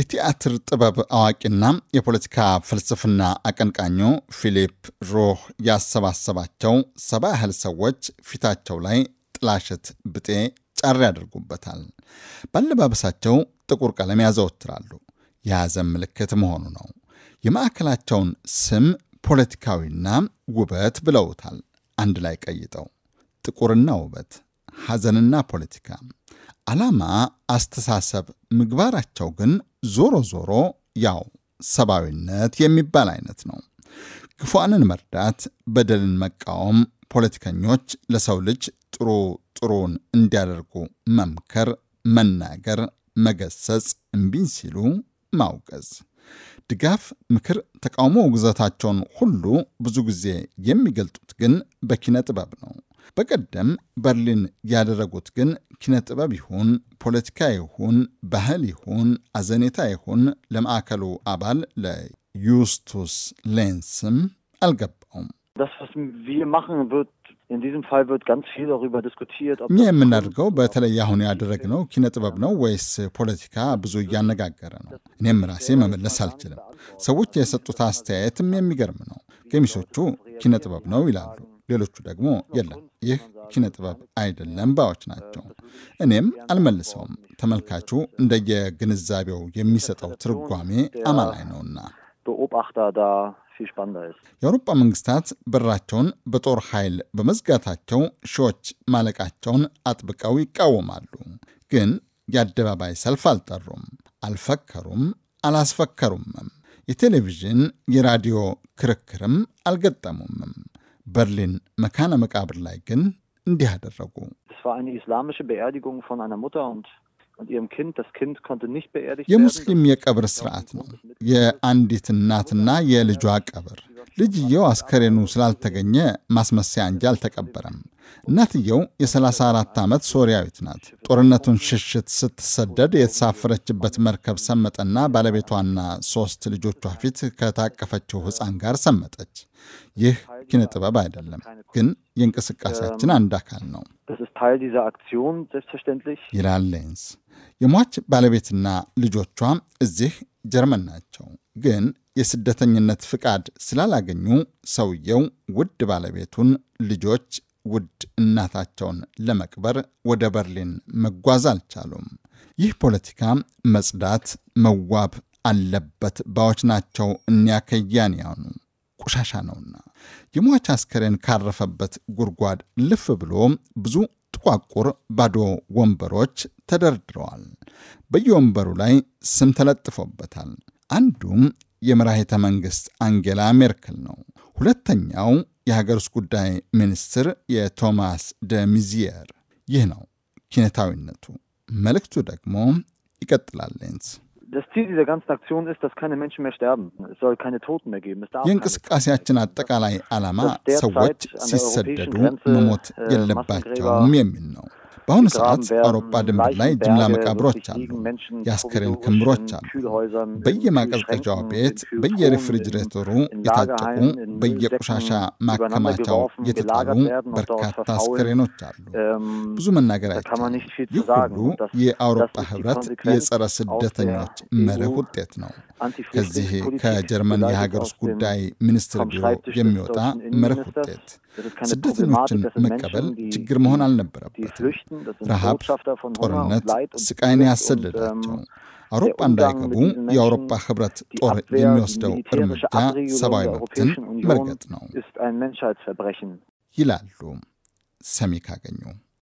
የቲያትር ጥበብ አዋቂና የፖለቲካ ፍልስፍና አቀንቃኙ ፊሊፕ ሮህ ያሰባሰባቸው ሰባ ያህል ሰዎች ፊታቸው ላይ ጥላሸት ብጤ ጫሪ ያደርጉበታል። ባለባበሳቸው ጥቁር ቀለም ያዘወትራሉ። የሐዘን ምልክት መሆኑ ነው። የማዕከላቸውን ስም ፖለቲካዊና ውበት ብለውታል። አንድ ላይ ቀይጠው ጥቁርና ውበት፣ ሐዘንና ፖለቲካ ዓላማ፣ አስተሳሰብ፣ ምግባራቸው ግን ዞሮ ዞሮ ያው ሰብአዊነት የሚባል አይነት ነው። ግፏንን መርዳት፣ በደልን መቃወም፣ ፖለቲከኞች ለሰው ልጅ ጥሩ ጥሩን እንዲያደርጉ መምከር፣ መናገር፣ መገሰጽ፣ እምቢን ሲሉ ማውገዝ፣ ድጋፍ፣ ምክር፣ ተቃውሞ፣ ውግዘታቸውን ሁሉ ብዙ ጊዜ የሚገልጡት ግን በኪነ ጥበብ ነው። በቀደም በርሊን ያደረጉት ግን ኪነ ጥበብ ይሁን ፖለቲካ ይሁን ባህል ይሁን አዘኔታ ይሁን ለማዕከሉ አባል ለዩስቱስ ሌንስም አልገባውም። እኛ የምናደርገው በተለይ አሁን ያደረግነው ኪነ ጥበብ ነው ወይስ ፖለቲካ? ብዙ እያነጋገረ ነው። እኔም ራሴ መመለስ አልችልም። ሰዎች የሰጡት አስተያየትም የሚገርም ነው። ገሚሶቹ ኪነ ጥበብ ነው ይላሉ ሌሎቹ ደግሞ የለም ይህ ኪነ ጥበብ አይደለም ባዮች ናቸው። እኔም አልመልሰውም። ተመልካቹ እንደየግንዛቤው የሚሰጠው ትርጓሜ አማላይ ነውና። የአውሮፓ መንግስታት በራቸውን በጦር ኃይል በመዝጋታቸው ሺዎች ማለቃቸውን አጥብቀው ይቃወማሉ። ግን የአደባባይ ሰልፍ አልጠሩም፣ አልፈከሩም፣ አላስፈከሩምም። የቴሌቪዥን የራዲዮ ክርክርም አልገጠሙምም። በርሊን መካነ መቃብር ላይ ግን እንዲህ አደረጉ። የሙስሊም የቀብር ስርዓት ነው። የአንዲት እናትና የልጇ ቀብር። ልጅየው አስከሬኑ ስላልተገኘ ማስመሰያ እንጂ አልተቀበረም። እናትየው የ34 ዓመት ሶሪያዊት ናት። ጦርነቱን ሽሽት ስትሰደድ የተሳፈረችበት መርከብ ሰመጠና ባለቤቷና ሦስት ልጆቿ ፊት ከታቀፈችው ሕፃን ጋር ሰመጠች። ይህ ኪነ ጥበብ አይደለም፣ ግን የእንቅስቃሴያችን አንድ አካል ነው ይላል ሌንስ። የሟች ባለቤትና ልጆቿ እዚህ ጀርመን ናቸው፣ ግን የስደተኝነት ፍቃድ ስላላገኙ ሰውየው ውድ ባለቤቱን፣ ልጆች፣ ውድ እናታቸውን ለመቅበር ወደ በርሊን መጓዝ አልቻሉም። ይህ ፖለቲካ መጽዳት፣ መዋብ አለበት ባዎች ናቸው እኒያ ከያንያኑ። ቆሻሻ ነውና። የሟች አስከሬን ካረፈበት ጉድጓድ ልፍ ብሎ ብዙ ጥቋቁር ባዶ ወንበሮች ተደርድረዋል። በየወንበሩ ላይ ስም ተለጥፎበታል። አንዱም የመራሄተ መንግሥት አንጌላ ሜርክል ነው። ሁለተኛው የሀገር ውስጥ ጉዳይ ሚኒስትር የቶማስ ደ ሚዚየር። ይህ ነው ኪነታዊነቱ። መልእክቱ ደግሞ ይቀጥላል ሌንስ የእንቅስቃሴያችን አጠቃላይ ዓላማ ሰዎች ሲሰደዱ መሞት የለባቸውም የሚል ነው። በአሁኑ ሰዓት አውሮፓ ድንበር ላይ ጅምላ መቃብሮች አሉ፣ የአስከሬን ክምሮች አሉ። በየማቀዝቀዣው ቤት፣ በየሪፍሪጅሬተሩ የታጨቁ በየቆሻሻ ማከማቻው የተጣሉ በርካታ አስከሬኖች አሉ። ብዙ መናገር አይቻልም። ይህ ሁሉ የአውሮፓ ህብረት የጸረ ስደተኞች መርህ ውጤት ነው። ከዚህ ከጀርመን የሀገር ውስጥ ጉዳይ ሚኒስትር ቢሮ የሚወጣ መርህ ውጤት ስደተኞችን መቀበል ችግር መሆን አልነበረበትም። ረሃብ፣ ጦርነት፣ ስቃይን ያሰደዳቸው አውሮፓ እንዳይገቡ የአውሮፓ ህብረት ጦር የሚወስደው እርምጃ ሰብአዊ መብትን መርገጥ ነው ይላሉ ሰሚ ካገኙ።